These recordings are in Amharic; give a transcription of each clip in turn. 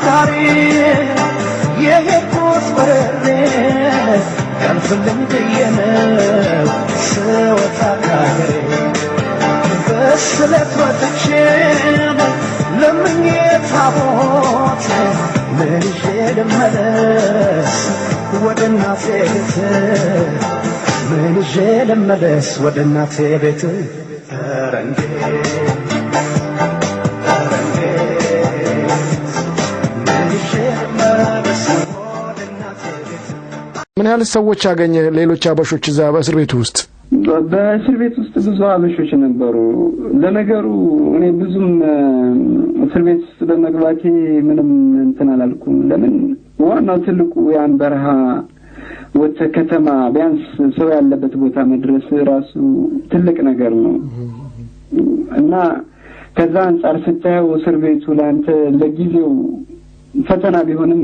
አውታሬ የሄድኩት በረሬ ያልፍልኝ ብዬ ታቦት ምን ይዤ ልመለስ ወደ እናቴ ቤት ምን ምን ያህል ሰዎች አገኘ? ሌሎች አበሾች እዛ በእስር ቤት ውስጥ በእስር ቤት ውስጥ ብዙ አበሾች ነበሩ። ለነገሩ እኔ ብዙም እስር ቤት ውስጥ በመግባቴ ምንም እንትን አላልኩም። ለምን ዋናው ትልቁ ያን በረሃ ወተ ከተማ ቢያንስ ሰው ያለበት ቦታ መድረስ ራሱ ትልቅ ነገር ነው እና ከዛ አንጻር ስታየው እስር ቤቱ ለአንተ ለጊዜው ፈተና ቢሆንም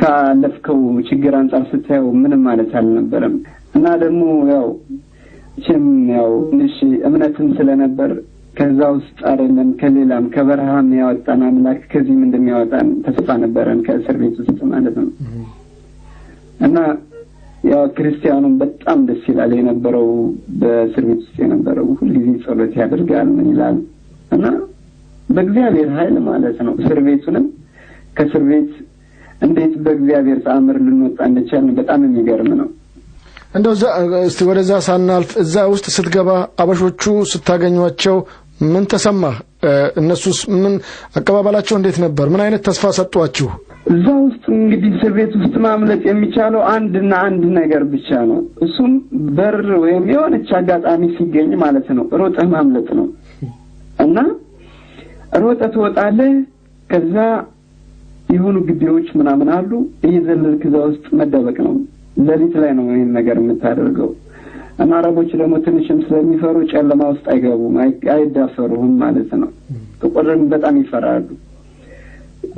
ካለፍከው ችግር አንጻር ስታየው ምንም ማለት አልነበረም እና ደግሞ ያው ችም ያው ትንሽ እምነትም ስለነበር ከዛ ውስጥ አይደለም ከሌላም ከበረሃም ያወጣን አምላክ ከዚህም እንደሚያወጣን ተስፋ ነበረን ከእስር ቤት ውስጥ ማለት ነው እና ያው ክርስቲያኑም በጣም ደስ ይላል የነበረው በእስር ቤት ውስጥ የነበረው ሁልጊዜ ጸሎት ያደርጋል ምን ይላል እና በእግዚአብሔር ሀይል ማለት ነው እስር ቤቱንም ከእስር ቤት እንዴት በእግዚአብሔር ተአምር ልንወጣ እንደቻልን በጣም የሚገርም ነው። እንደው እስቲ ወደዛ ሳናልፍ እዛ ውስጥ ስትገባ አበሾቹ ስታገኟቸው ምን ተሰማ እነሱስ ምን አቀባበላቸው እንዴት ነበር? ምን አይነት ተስፋ ሰጧችሁ? እዛ ውስጥ እንግዲህ እስር ቤት ውስጥ ማምለጥ የሚቻለው አንድና አንድ ነገር ብቻ ነው። እሱም በር ወይም የሆነች አጋጣሚ ሲገኝ ማለት ነው፣ ሮጠህ ማምለጥ ነው እና ሮጠ ትወጣለህ ከዛ የሆኑ ግቢዎች ምናምን አሉ። እየዘለልክ ከዛ ውስጥ መደበቅ ነው። ሌሊት ላይ ነው ይህን ነገር የምታደርገው እና አረቦች ደግሞ ትንሽም ስለሚፈሩ ጨለማ ውስጥ አይገቡም፣ አይዳፈሩም ማለት ነው። ጥቁርን በጣም ይፈራሉ።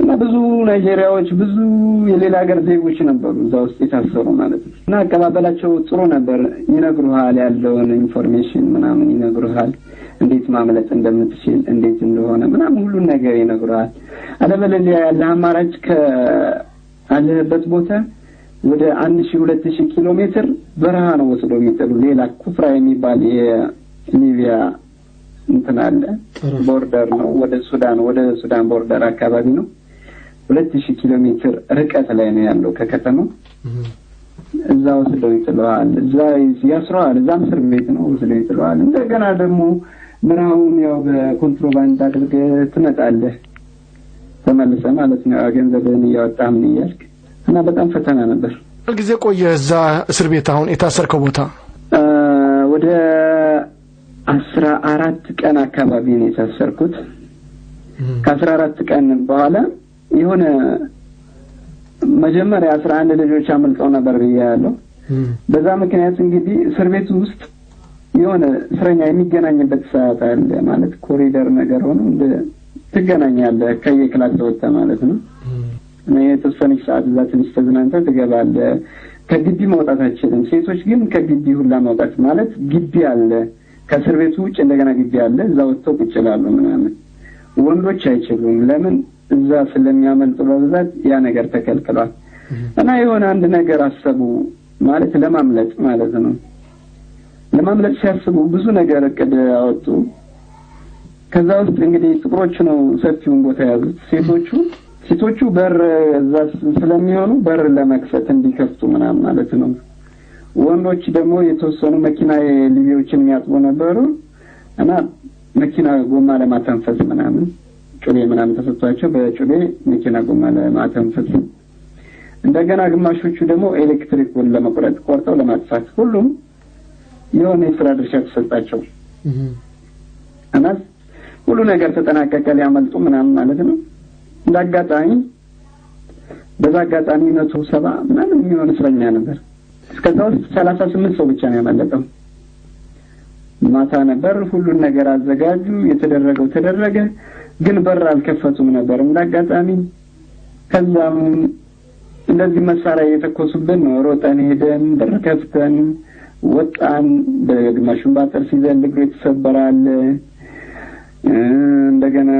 እና ብዙ ናይጄሪያዎች፣ ብዙ የሌላ ሀገር ዜጎች ነበሩ እዛ ውስጥ የታሰሩ ማለት ነው። እና አቀባበላቸው ጥሩ ነበር። ይነግሩሃል፣ ያለውን ኢንፎርሜሽን ምናምን ይነግሩሃል። እንዴት ማምለጥ እንደምትችል እንዴት እንደሆነ ምናምን ሁሉን ነገር ይነግረዋል። አለበለዚያ ያለ አማራጭ ከአለህበት ቦታ ወደ አንድ ሺህ ሁለት ኪሎ ሜትር በረሃ ነው ወስዶ የሚጥሉ ሌላ ኩፍራ የሚባል የሊቢያ እንትን አለ። ቦርደር ነው ወደ ሱዳን ወደ ሱዳን ቦርደር አካባቢ ነው። ሁለት ሺህ ኪሎ ሜትር ርቀት ላይ ነው ያለው ከከተማው። እዛ ወስደው ይጥለዋል። እዛ ያስረዋል። እዛም እስር ቤት ነው ወስደው ይጥለዋል። እንደገና ደግሞ ምናውን ያው በኮንትሮባንድ አድርገህ ትመጣለህ ተመልሰ ማለት ነው። ገንዘብህን እያወጣህ ምን እያልክ እና በጣም ፈተና ነበር። ጊዜ ቆየ እዛ እስር ቤት? አሁን የታሰርከው ቦታ ወደ አስራ አራት ቀን አካባቢ ነው የታሰርኩት። ከአስራ አራት ቀን በኋላ የሆነ መጀመሪያ አስራ አንድ ልጆች አምልጠው ነበር ብዬ ያለው በዛ ምክንያት እንግዲህ እስር ቤት ውስጥ የሆነ እስረኛ የሚገናኝበት ሰዓት አለ ማለት ኮሪደር ነገር ሆኖ እንደ ከየ ክላስ ወጣ ማለት ነው። እና የተወሰነች ሰዓት እዛ ትንሽ ተዝናንተህ ትገባለህ። ከግቢ መውጣት አይችልም። ሴቶች ግን ከግቢ ሁላ መውጣት ማለት ግቢ አለ፣ ከእስር ቤቱ ውጭ እንደገና ግቢ አለ። እዛ ወጥተው ቁጭ ይላሉ ምናምን። ወንዶች አይችሉም። ለምን? እዛ ስለሚያመልጡ በብዛት ያ ነገር ተከልክሏል። እና የሆነ አንድ ነገር አሰቡ ማለት ለማምለጥ ማለት ነው። ለማምለጥ ሲያስቡ ብዙ ነገር እቅድ አወጡ። ከዛ ውስጥ እንግዲህ ጥቁሮቹ ነው ሰፊውን ቦታ የያዙት። ሴቶቹ ሴቶቹ በር እዛ ስለሚሆኑ በር ለመክፈት እንዲከፍቱ ምናምን ማለት ነው። ወንዶች ደግሞ የተወሰኑ መኪና ልጆችን የሚያጥቡ ነበሩ እና መኪና ጎማ ለማተንፈስ ምናምን ጩቤ ምናምን ተሰጥቷቸው በጩቤ መኪና ጎማ ለማተንፈስ እንደገና ግማሾቹ ደግሞ ኤሌክትሪክ ለመቁረጥ ቆርጠው ለማጥፋት ሁሉም የሆነ የስራ ድርሻ ተሰጣቸው እና ሁሉ ነገር ተጠናቀቀ። ሊያመልጡ ምናምን ማለት ነው። እንደ አጋጣሚ በዛ አጋጣሚ መቶ ሰባ ምናምን የሚሆን እስረኛ ነበር። እስከዛ ውስጥ ሰላሳ ስምንት ሰው ብቻ ነው ያመለጠው። ማታ ነበር። ሁሉን ነገር አዘጋጁ። የተደረገው ተደረገ፣ ግን በር አልከፈቱም ነበር እንደ አጋጣሚ። ከዛም እንደዚህ መሳሪያ እየተኮሱብን ነው ሮጠን ሄደን በር ከፍተን ወጣን፣ በግማሹን በአጥር ሲዘል እግሩ የተሰበራል። እንደገና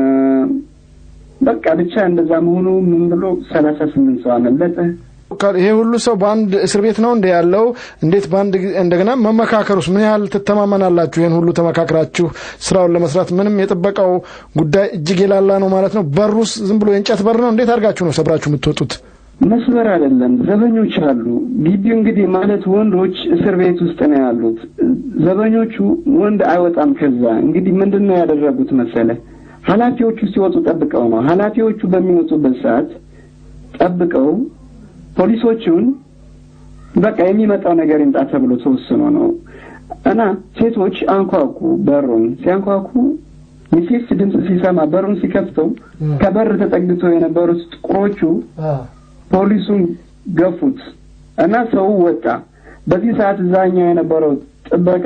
በቃ ብቻ እንደዛ መሆኑ ምን ብሎ ሰላሳ ስምንት ሰው አመለጠ። ይሄ ሁሉ ሰው በአንድ እስር ቤት ነው እንደ ያለው እንዴት በአንድ እንደገና መመካከሩስ ምን ያህል ትተማመናላችሁ? ይህን ሁሉ ተመካክራችሁ ስራውን ለመስራት ምንም የጥበቃው ጉዳይ እጅግ የላላ ነው ማለት ነው። በሩስ ዝም ብሎ የእንጨት በር ነው። እንዴት አድርጋችሁ ነው ሰብራችሁ የምትወጡት? መስበር አይደለም። ዘበኞች አሉ። ግቢው እንግዲህ ማለት ወንዶች እስር ቤት ውስጥ ነው ያሉት። ዘበኞቹ ወንድ አይወጣም። ከዛ እንግዲህ ምንድን ነው ያደረጉት መሰለ ኃላፊዎቹ ሲወጡ ጠብቀው ነው። ኃላፊዎቹ በሚወጡበት ሰዓት ጠብቀው ፖሊሶቹን በቃ የሚመጣው ነገር ይምጣ ተብሎ ተወስኖ ነው እና ሴቶች አንኳኩ። በሩን ሲያንኳኩ የሴት ድምፅ ሲሰማ በሩን ሲከፍተው ከበር ተጠግተው የነበሩት ጥቁሮቹ ፖሊሱን ገፉት እና ሰው ወጣ። በዚህ ሰዓት እዛኛ የነበረው ጥበቃ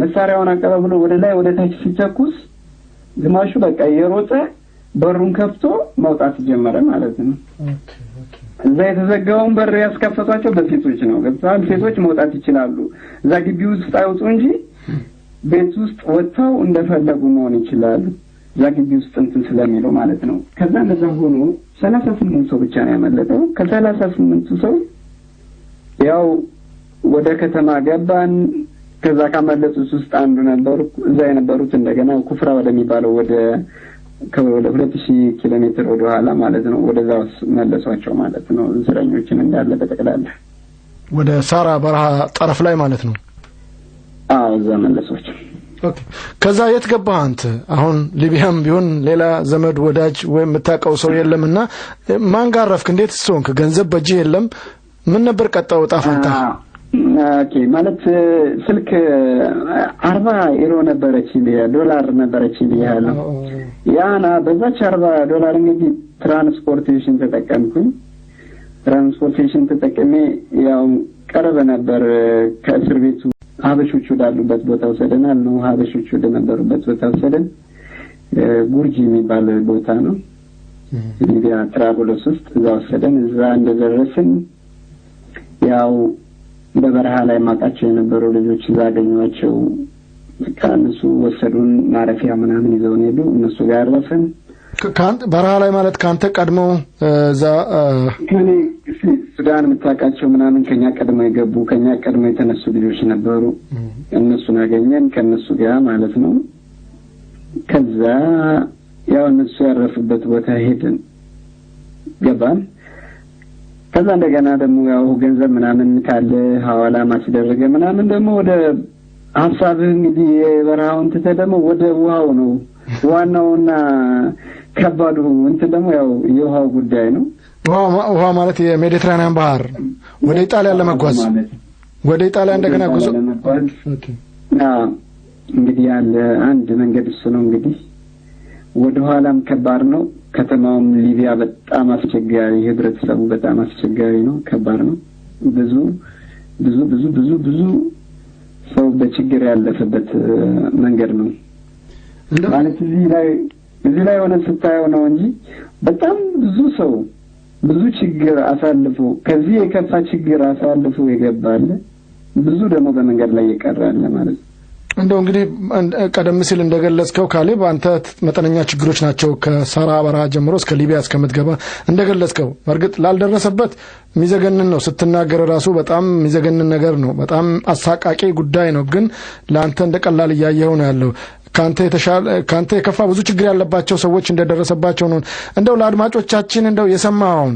መሳሪያውን አቀባብሎ ወደ ላይ ወደ ታች ሲተኩስ ግማሹ በቃ የሮጠ በሩን ከፍቶ መውጣት ጀመረ ማለት ነው። እዛ የተዘጋውን በር ያስከፈቷቸው በሴቶች ነው። ገብተዋል። ሴቶች መውጣት ይችላሉ። እዛ ግቢ ውስጥ አይወጡ እንጂ ቤት ውስጥ ወጥተው እንደፈለጉ መሆን ይችላሉ። እዛ ግቢ ውስጥ እንትን ስለሚለው ማለት ነው። ከዛ እንደዛ ሆኖ ሰላሳ ስምንት ሰው ብቻ ነው ያመለጠው። ከሰላሳ ስምንቱ ሰው ያው ወደ ከተማ ገባን። ከዛ ካመለጡት ውስጥ አንዱ ነበር እዛ የነበሩት እንደገና ኩፍራ ወደሚባለው ወደ ወደ ሁለት ሺህ ኪሎ ሜትር ወደ ኋላ ማለት ነው ወደዛ መለሷቸው ማለት ነው። እስረኞችን እንዳለ በጠቅላላ ወደ ሳራ በረሃ ጠረፍ ላይ ማለት ነው። አዎ እዛ መለሷቸው። ከዛ የት ገባህ አንተ? አሁን ሊቢያም ቢሆን ሌላ ዘመድ ወዳጅ ወይም የምታውቀው ሰው የለምና ማን ጋር አረፍክ? እንዴት ስሆንክ? ገንዘብ በእጅህ የለም። ምን ነበር ቀጣው ዕጣ ፈንታ? ኦኬ ማለት ስልክ አርባ ዩሮ ነበረች ዶላር ነበረች ብያለሁ። ያና በዛች አርባ ዶላር እንግዲህ ትራንስፖርቴሽን ተጠቀምኩኝ። ትራንስፖርቴሽን ተጠቅሜ ያው ቀረበ ነበር ከእስር ቤቱ ሀበሾች ወዳሉበት ቦታ ወሰደናል ነው። ሀበሾች ወደነበሩበት ቦታ ወሰደን። ጉርጂ የሚባል ቦታ ነው እንግዲያ ትራቦሎስ ውስጥ እዛ ወሰደን። እዛ እንደደረስን ያው በበረሃ ላይ ማውቃቸው የነበሩ ልጆች እዛ አገኘኋቸው። በቃ እነሱ ወሰዱን ማረፊያ ምናምን ይዘውን ሄዱ። እነሱ ጋር ያረፍን። በረሃ ላይ ማለት ከአንተ ቀድሞ እዛ ከኔ ሱዳን የምታውቃቸው ምናምን ከኛ ቀድሞ የገቡ ከኛ ቀድሞ የተነሱ ልጆች ነበሩ። እነሱን አገኘን ከእነሱ ጋር ማለት ነው። ከዛ ያው እነሱ ያረፉበት ቦታ ሄድን ገባን። ከዛ እንደገና ደግሞ ያው ገንዘብ ምናምን ካለ ሀዋላ ማስደረገ ምናምን ደግሞ ወደ ሀሳብህ እንግዲህ የበረሃውን ትተህ ደግሞ ወደ ውሃው ነው ዋናውና ከባዱ እንትን ደግሞ ያው የውሃው ጉዳይ ነው። ውሃ ማለት የሜዲትራኒያን ባህር ወደ ኢጣሊያን ለመጓዝ ወደ ኢጣሊያ እንደገና ጉዞ እንግዲህ ያለ አንድ መንገድ እሱ ነው። እንግዲህ ወደ ኋላም ከባድ ነው። ከተማውም ሊቢያ በጣም አስቸጋሪ፣ ህብረተሰቡ በጣም አስቸጋሪ ነው። ከባድ ነው። ብዙ ብዙ ብዙ ብዙ ብዙ ሰው በችግር ያለፈበት መንገድ ነው ማለት እዚህ ላይ እዚህ ላይ ሆነ ስታየው ነው እንጂ በጣም ብዙ ሰው ብዙ ችግር አሳልፎ ከዚህ የከፋ ችግር አሳልፎ የገባለ ብዙ ደግሞ በመንገድ ላይ የቀራለ ማለት ነው። እንደው እንግዲህ ቀደም ሲል እንደገለጽከው ካሌብ አንተ መጠነኛ ችግሮች ናቸው ከሰራ በረሃ ጀምሮ እስከ ሊቢያ እስከምትገባ እንደገለጽከው። በእርግጥ ላልደረሰበት ሚዘገንን ነው ስትናገር ራሱ በጣም ሚዘገንን ነገር ነው። በጣም አሳቃቂ ጉዳይ ነው። ግን ለአንተ እንደ ቀላል እያየኸው ነው ያለው። ከአንተ የተሻለ ከአንተ የከፋ ብዙ ችግር ያለባቸው ሰዎች እንደደረሰባቸው ነው። እንደው ለአድማጮቻችን እንደው የሰማውን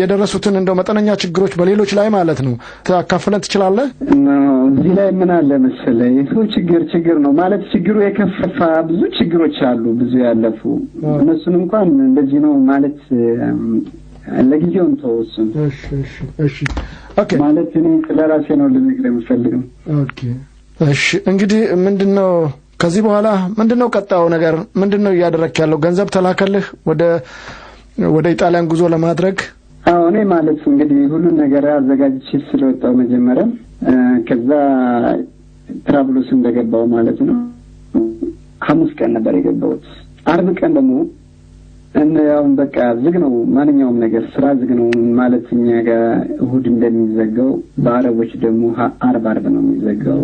የደረሱትን እንደው መጠነኛ ችግሮች በሌሎች ላይ ማለት ነው ታካፍለን ትችላለህ? እዚህ ላይ ምን አለ መሰለ የሰው ችግር ችግር ነው ማለት ችግሩ የከፋ ብዙ ችግሮች አሉ፣ ብዙ ያለፉ እነሱን እንኳን እንደዚህ ነው ማለት ለጊዜውም እንተው። ማለት እኔ ስለራሴ ነው ልነግር የምፈልገው። እሺ እንግዲህ ምንድን ነው ከዚህ በኋላ ምንድነው ቀጣዩ ነገር? ምንድነው እያደረክ ያለው? ገንዘብ ተላከልህ ወደ ወደ ኢጣሊያን ጉዞ ለማድረግ? አዎ እኔ ማለት እንግዲህ ሁሉን ነገር አዘጋጅቼ ስለወጣው መጀመሪያ ከዛ ትራብሎስ እንደገባው ማለት ነው ሀሙስ ቀን ነበር የገባሁት። አርብ ቀን ደግሞ እና ያሁን በቃ ዝግ ነው ማንኛውም ነገር ስራ ዝግ ነው ማለት እኛ ጋር እሁድ እንደሚዘጋው በአረቦች ደግሞ አርብ አርብ ነው የሚዘጋው።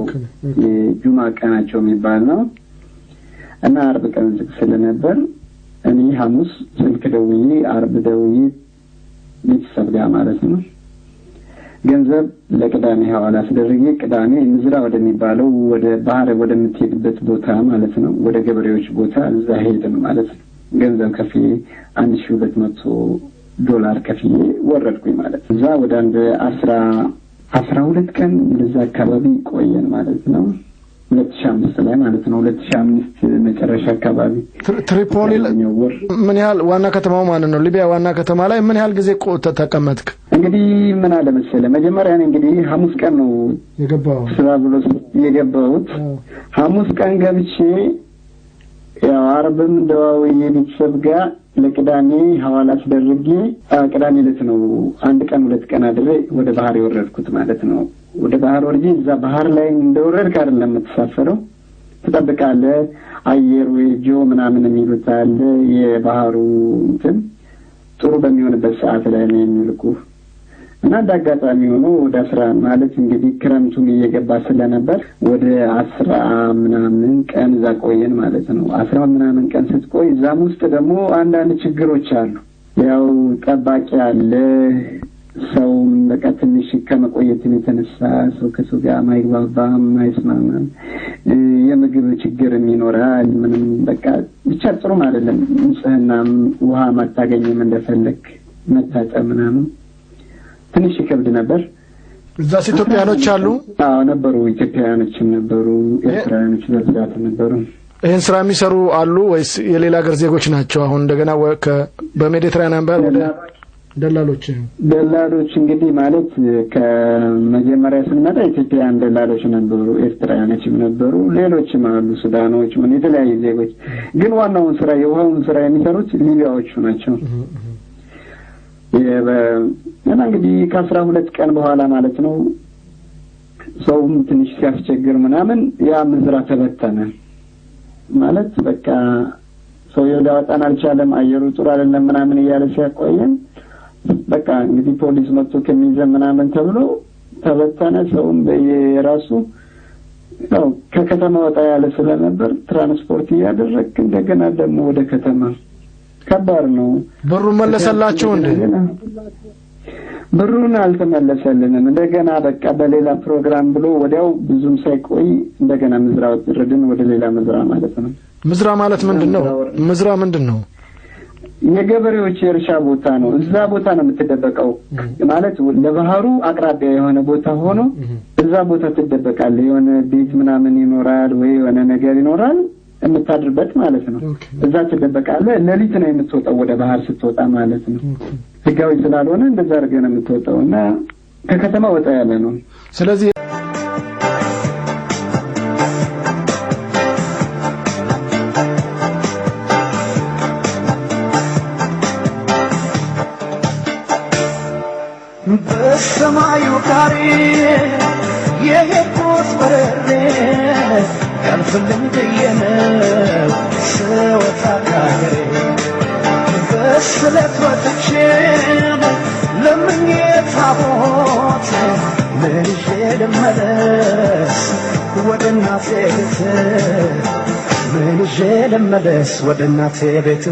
የጁማ ቀናቸው የሚባል ነው እና አርብ ቀን ዝግ ስለነበር እኔ ሐሙስ ስልክ ደውዬ አርብ ደውዬ ቤተሰብ ጋር ማለት ነው ገንዘብ ለቅዳሜ ሐዋላ አስደርጌ ቅዳሜ ምዝራ ወደሚባለው ወደ ባህር ወደምትሄድበት ቦታ ማለት ነው ወደ ገበሬዎች ቦታ እዛ ሄድን ማለት ነው። ገንዘብ ከፍዬ አንድ ሺ ሁለት መቶ ዶላር ከፍዬ ወረድኩኝ ማለት እዛ ወደ አንድ አስራ አስራ ሁለት ቀን እንደዛ አካባቢ ቆየን ማለት ነው። ሁለት ሺ አምስት ላይ ማለት ነው። ሁለት ሺ አምስት መጨረሻ አካባቢ ትሪፖሊ ወር ምን ያህል ዋና ከተማው ማለት ነው ሊቢያ ዋና ከተማ ላይ ምን ያህል ጊዜ ተቀመጥክ? እንግዲህ ምን አለ መሰለህ መጀመሪያ እንግዲህ ሐሙስ ቀን ነው የገባሁት ስራ ብሎ የገባሁት ሐሙስ ቀን ገብቼ ያው አርብም ደዋዊ ቤተሰብ ጋር ለቅዳሜ ሐዋላ አስደርጌ ቅዳሜ ዕለት ነው አንድ ቀን ሁለት ቀን አድሬ ወደ ባህር የወረድኩት ማለት ነው። ወደ ባህር ወርጄ እዛ ባህር ላይ እንደወረድክ አይደለም የምትሳፈረው፣ ትጠብቃለህ። አየሩ ወጆ ምናምን የሚሉት አለ የባህሩ እንትን ጥሩ በሚሆንበት ሰዓት ላይ ነው የሚልኩህ እና እንደ አጋጣሚ ሆኖ ወደ አስራ ማለት እንግዲህ ክረምቱን እየገባ ስለነበር ወደ አስራ ምናምን ቀን እዛ ቆየን ማለት ነው። አስራ ምናምን ቀን ስትቆይ እዛም ውስጥ ደግሞ አንዳንድ ችግሮች አሉ። ያው ጠባቂ አለ። ሰውም በቃ ትንሽ ከመቆየትም የተነሳ ሰው ከሰው ጋር ማይግባባ ማይስማማም፣ የምግብ ችግርም ይኖራል። ምንም በቃ ብቻ ጥሩም አይደለም። ንጽህናም ውሃ ማታገኝም እንደፈለግ መታጠብ ምናምን ትንሽ ይከብድ ነበር። እዛ ኢትዮጵያኖች አሉ? አዎ ነበሩ። ኢትዮጵያውያኖችም ነበሩ፣ ኤርትራውያኖች በብዛት ነበሩ። ይህን ስራ የሚሰሩ አሉ ወይስ የሌላ ሀገር ዜጎች ናቸው? አሁን እንደገና በሜዲትራኒያን ባህር ወደ ደላሎች ደላሎች እንግዲህ ማለት ከመጀመሪያ ስንመጣ ኢትዮጵያውያን ደላሎች ነበሩ፣ ኤርትራውያኖችም ነበሩ፣ ሌሎችም አሉ፣ ሱዳኖች፣ ምን የተለያዩ ዜጎች። ግን ዋናውን ስራ የውሃውን ስራ የሚሰሩት ሊቢያዎቹ ናቸው። እና እንግዲህ ከአስራ ሁለት ቀን በኋላ ማለት ነው ሰውም ትንሽ ሲያስቸግር ምናምን ያ ምዝራ ተበተነ ማለት በቃ ሰውየው ሊያወጣን አልቻለም፣ አየሩ ጥሩ አይደለም ምናምን እያለ ሲያቆየን በቃ እንግዲህ ፖሊስ መጥቶ ከሚይዘን ምናምን ተብሎ ተበተነ። ሰውም በየራሱ ያው ከከተማ ወጣ ያለ ስለነበር ትራንስፖርት እያደረግ እንደገና ደግሞ ወደ ከተማ ከባድ ነው። ብሩ መለሰላችሁ እንዴ? ብሩን አልተመለሰልንም። እንደገና በቃ በሌላ ፕሮግራም ብሎ ወዲያው ብዙም ሳይቆይ እንደገና ምዝራ ወጥርድን ወደ ሌላ ምዝራ ማለት ነው። ምዝራ ማለት ምንድን ነው? ምዝራ ምንድን ነው? የገበሬዎች የእርሻ ቦታ ነው። እዛ ቦታ ነው የምትደበቀው። ማለት ለባህሩ አቅራቢያ የሆነ ቦታ ሆኖ እዛ ቦታ ትደበቃል። የሆነ ቤት ምናምን ይኖራል ወይ የሆነ ነገር ይኖራል የምታድርበት ማለት ነው። እዛ ትደበቃለህ። ሌሊት ነው የምትወጣው ወደ ባህር ስትወጣ ማለት ነው። ህጋዊ ስላልሆነ እንደዛ አድርገህ ነው የምትወጣው እና ከከተማ ወጣ ያለ ነው። ስለዚህ በሰማዩ ጋር የሄድኩት በረሬ ያልፍልኝ ብዬ ነው ስወጣ ከሀገሬ በስለት ወጣ ጀመረ ወደ እናቴ ቤት ምን ይዤ ልመለስ ወደ እናቴ ቤት